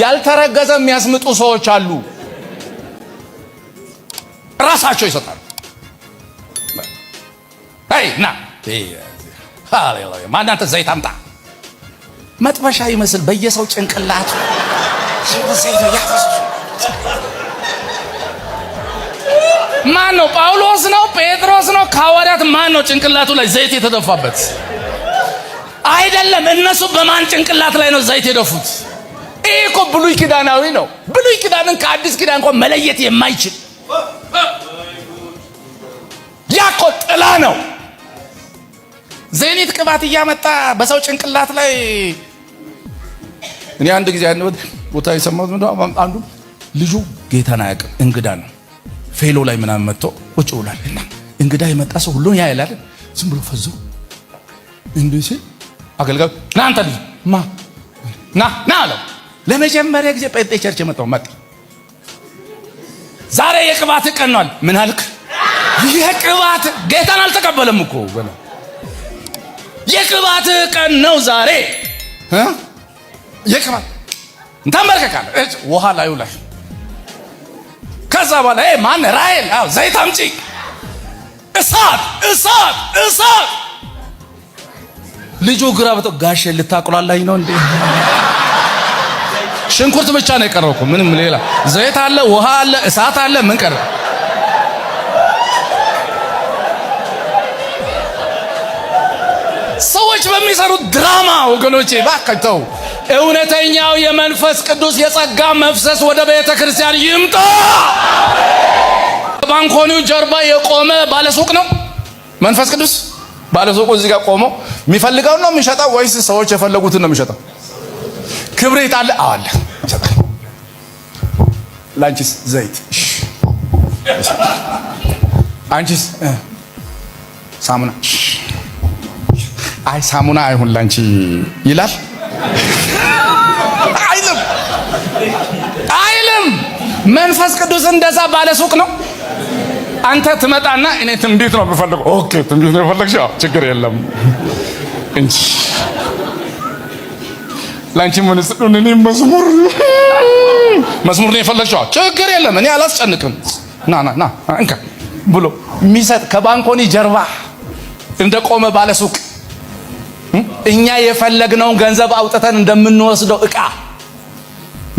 ያልተረገዘ የሚያስምጡ ሰዎች አሉ። ራሳቸው ይሰጣሉ። ና ማናንተ ዘይት አምጣ መጥበሻ ይመስል በየሰው ጭንቅላቱ ማን ነው? ጳውሎስ ነው? ጴጥሮስ ነው? ከሐዋርያት ማን ነው ጭንቅላቱ ላይ ዘይት የተደፋበት? አይደለም። እነሱ በማን ጭንቅላት ላይ ነው ዘይት የደፉት? ይህ እኮ ብሉይ ኪዳናዊ ነው። ብሉይ ኪዳንን ከአዲስ ኪዳን እንኳን መለየት የማይችል ያኮ ጥላ ነው። ዘይኒት ቅባት እያመጣ በሰው ጭንቅላት ላይ እኔ አንድ ጊዜ አንድ ቦታ የሰማሁት አንዱ ልጁ ጌታን አያውቅም እንግዳ ነው። ፌሎ ላይ ምናምን መጥቶ ቁጭ ብሏል እና እንግዳ የመጣ ሰው ሁሉን ያይላል። ዝም ብሎ ፈዞ እንዲህ ሲል አገልጋዩ ና አንተ ልጅ ማ ና ና አለው። ለመጀመሪያ ጊዜ ጴንጤ ቸርች የመጣው መጣ። ዛሬ የቅባት ቀን ነው። ምን አልክ? የቅባት ጌታን አልተቀበለም እኮ የቅባት ቀን ነው ዛሬ። የቅባት እንተመርከካለ ውሃ ላዩ ላይ ከዛ በኋላ ማን ራሔል ዘይት አምጪ እሳት እሳት እሳት ልጁ ግራ ብቶ ጋሽ ልታቁላላኝ ነው እንዴ? ሽንኩርት ብቻ ነው የቀረው እኮ ምንም ሌላ ዘይት አለ፣ ውሃ አለ፣ እሳት አለ። ምን ቀረ? ሰዎች በሚሰሩት ድራማ ወገኖቼ ባከተው እውነተኛው የመንፈስ ቅዱስ የጸጋ መፍሰስ ወደ ቤተ ክርስቲያን ይምጣ። ባንኮኒው ጀርባ የቆመ ባለሱቅ ነው መንፈስ ቅዱስ። ባለሱቁ እዚህ ጋር ቆሞ የሚፈልገው ነው የሚሸጠው ወይስ ሰዎች የፈለጉትን ነው የሚሸጠው? ክብሪት አለ አለ ላንቺስ ዘይት አንቺስ ሳሙና አይ ሳሙና አይሁን ላንቺ ይላል አይልም አይልም መንፈስ ቅዱስ እንደዛ ባለ ሱቅ ነው አንተ ትመጣና እኔ ትንቢት ነው የምፈልገው። ኦኬ ትንቢት ነው የፈለግሽው፣ ችግር የለም እንጂ ላንቺ ምን ስጡን። እኔ መዝሙር መዝሙር ነው የፈለግሽው፣ ችግር የለም እኔ አላስጨንቅም። ና ና ና እንካ ብሎ የሚሰጥ ከባንኮኒ ጀርባ እንደቆመ ሱቅ እኛ የፈለግነውን ገንዘብ አውጥተን እንደምንወስደው እቃ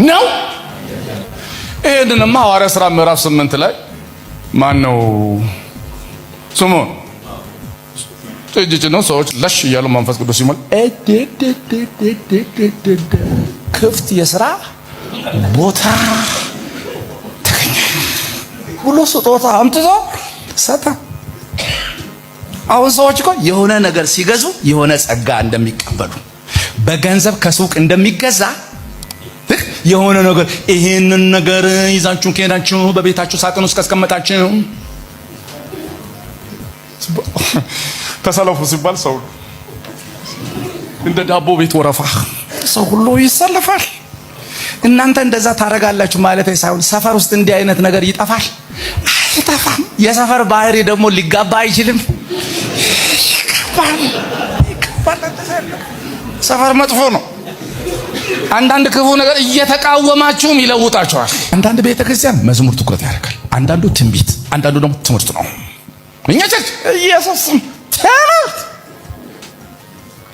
ነው። ይህንንማ ሐዋርያ ሥራ ምዕራፍ ስምንት ላይ ማን ነው ስምዖን እጅ ጭነው ሰዎች ለሽ እያሉ መንፈስ ቅዱስ ሲሞል ክፍት የስራ ቦታ ተገኘ ብሎ ስጦታ አምጥቶ ሰጠ። አሁን ሰዎች እኮ የሆነ ነገር ሲገዙ የሆነ ጸጋ እንደሚቀበሉ በገንዘብ ከሱቅ እንደሚገዛ የሆነ ነገር ይሄንን ነገር ይዛችሁ ከሄዳችሁ በቤታችሁ ሳጥን ውስጥ ካስቀመጣችሁ ተሰለፉ ሲባል ሰው እንደ ዳቦ ቤት ወረፋ ሰው ሁሉ ይሰለፋል። እናንተ እንደዛ ታደርጋላችሁ ማለት ሳይሆን ሰፈር ውስጥ እንዲህ አይነት ነገር ይጠፋል አይጠፋም። የሰፈር ባህሪ ደግሞ ሊጋባ አይችልም። ሰፈር መጥፎ ነው። አንዳንድ ክፉ ነገር እየተቃወማችሁም ይለውጣችኋል። አንዳንድ ቤተ ክርስቲያን መዝሙር ትኩረት ያደርጋል፣ አንዳንዱ ትንቢት፣ አንዳንዱ ደግሞ ትምህርት ነው። እኛ ቸርች ኢየሱስም ትምህርት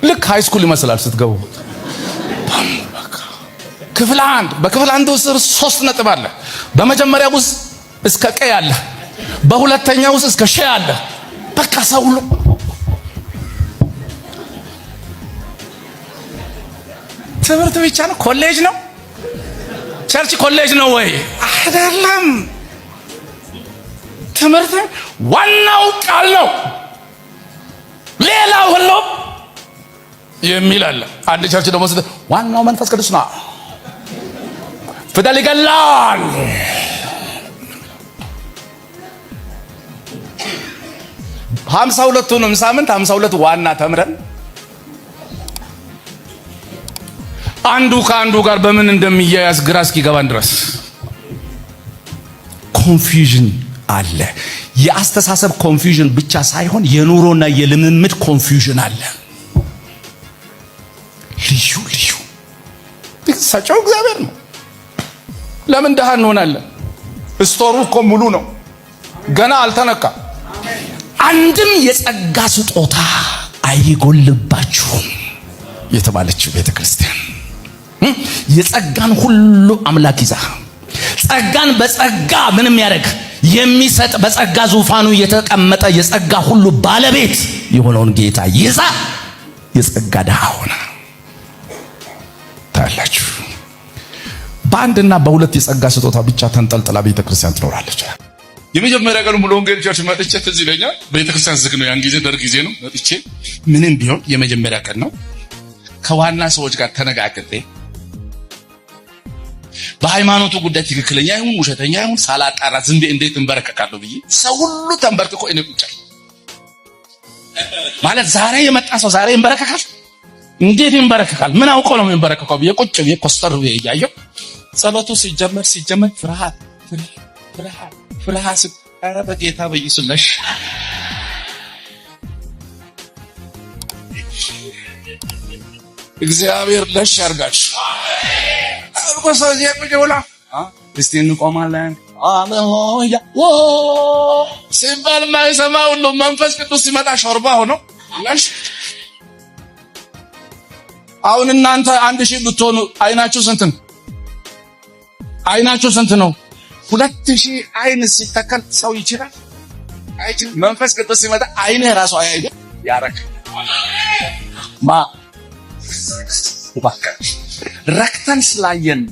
ልክ ሃይስኩል ይመስላል ስትገቡ። ክፍል አንድ በክፍል አንድ ውስጥ ሶስት ነጥብ አለ። በመጀመሪያ ውስጥ እስከ ቀይ አለ፣ በሁለተኛ ውስጥ እስከ ሸ አለ። በቃ ሰው ሁሉ ትምህርት ብቻ ነው? ኮሌጅ ነው? ቸርች ኮሌጅ ነው ወይ? አይደለም። ትምህርት ዋናው ቃል ነው። ሌላው ሁሉ የሚል አለ። አንድ ቸርች ደግሞ ዋናው መንፈስ ቅዱስ ነው፣ ፍደል ይገላል። ሀምሳ ሁለቱንም ሳምንት ሀምሳ ሁለት ዋና ተምረን አንዱ ከአንዱ ጋር በምን እንደሚያያዝ ግራ እስኪገባን ድረስ ኮንፊውዥን አለ። የአስተሳሰብ ኮንፊውዥን ብቻ ሳይሆን የኑሮና የልምምድ ኮንፊውዥን አለ። ልዩ ልዩ ሰጪው እግዚአብሔር ነው። ለምን ደሃ እንሆናለን? ስቶሩ እኮ ሙሉ ነው፣ ገና አልተነካም። አንድም የጸጋ ስጦታ አይጎልባችሁም የተባለችው ቤተክርስቲያን የጸጋን ሁሉ አምላክ ይዛ ጸጋን በጸጋ ምንም ያደርግ የሚሰጥ በጸጋ ዙፋኑ የተቀመጠ የጸጋ ሁሉ ባለቤት የሆነውን ጌታ ይዛ የጸጋ ድሃ ሆነ። ታያላችሁ። በአንድና በሁለት የጸጋ ስጦታ ብቻ ተንጠልጥላ ቤተክርስቲያን ትኖራለች። የመጀመሪያ ቀኑ ሙሉ ወንጌል ቸርች መጥቼ ትዝ ይለኛል። ቤተክርስቲያን ዝግ ነው፣ ያን ጊዜ ደርግ ጊዜ ነው። መጥቼ ምንም ቢሆን የመጀመሪያ ቀን ነው። ከዋና ሰዎች ጋር ተነጋግጤ በሃይማኖቱ ጉዳይ ትክክለኛ ይሁን ውሸተኛ ይሁን ሳላጣራ ዝም ብዬ እንዴት እንበረከካለሁ ብዬ ሰው ሁሉ ተንበርክኮ እኔ ቁጭ ማለት ዛሬ የመጣ ሰው ዛሬ ይንበረከካል። እንዴት ይንበረከካል? ምን አውቀው ነው የሚንበረከከው ብዬ ቁጭ ብዬ ኮስተር ብዬ እያየው ጸሎቱ ሲጀመር ሲጀመር ፍርሃት ፍርሃት ፍርሃት ኧረ በጌታ በኢየሱስ ነሽ እግዚአብሔር ለሽ ያርጋችሁ። እስቲ እንቆማለን ሲባል ማይሰማ ሁሉ መንፈስ ቅዱስ ሲመጣ ሾርባ ሆኖ አሁን እናንተ አንድ ሺህ ብትሆኑ አይናችሁ ስንት ነው? አይናችሁ ስንት ነው? ሁለት ሺህ አይን ሲተከል ሰው ይችላል? መንፈስ ቅዱስ ሲመጣ አይን ራሱ አያይ ያረክ ማ ረክተን ስላየን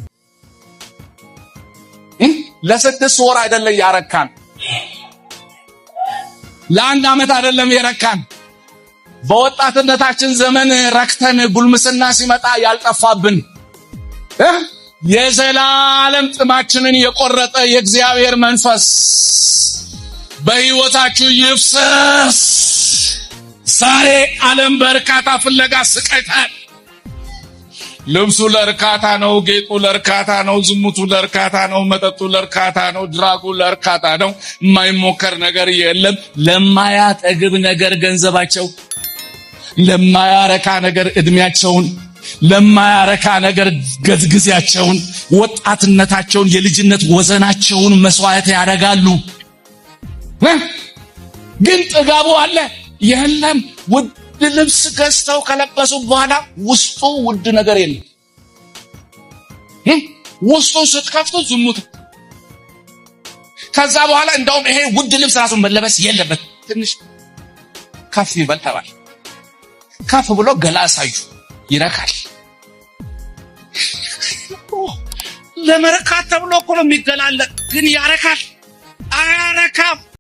ለስድስት ወር አይደለም ያረካን፣ ለአንድ ዓመት አይደለም የረካን። በወጣትነታችን ዘመን ረክተን ጉልምስና ሲመጣ ያልጠፋብን የዘላለም ጥማችንን የቆረጠ የእግዚአብሔር መንፈስ በሕይወታችሁ ይፍሰስ። ዛሬ ዓለም በእርካታ ፍለጋ ስቃይታል። ልብሱ ለእርካታ ነው፣ ጌጡ ለእርካታ ነው፣ ዝሙቱ ለእርካታ ነው፣ መጠጡ ለእርካታ ነው፣ ድራጉ ለእርካታ ነው። የማይሞከር ነገር የለም። ለማያጠግብ ነገር ገንዘባቸው፣ ለማያረካ ነገር እድሜያቸውን ለማያረካ ነገር ጊዜያቸውን፣ ወጣትነታቸውን፣ የልጅነት ወዘናቸውን መስዋዕት ያደርጋሉ። ግን ጥጋቡ አለ የለም። ውድ ልብስ ገዝተው ከለበሱ በኋላ ውስጡ ውድ ነገር የለም። ውስጡ ስትከፍቱ ዝሙት። ከዛ በኋላ እንደውም ይሄ ውድ ልብስ ራሱ መለበስ የለበት ትንሽ ከፍ ይበል ተባል። ከፍ ብሎ ገላ አሳዩ፣ ይረካል። ለመረካት ተብሎ እኮ ነው የሚገላለት፣ ግን ያረካል። አያረካም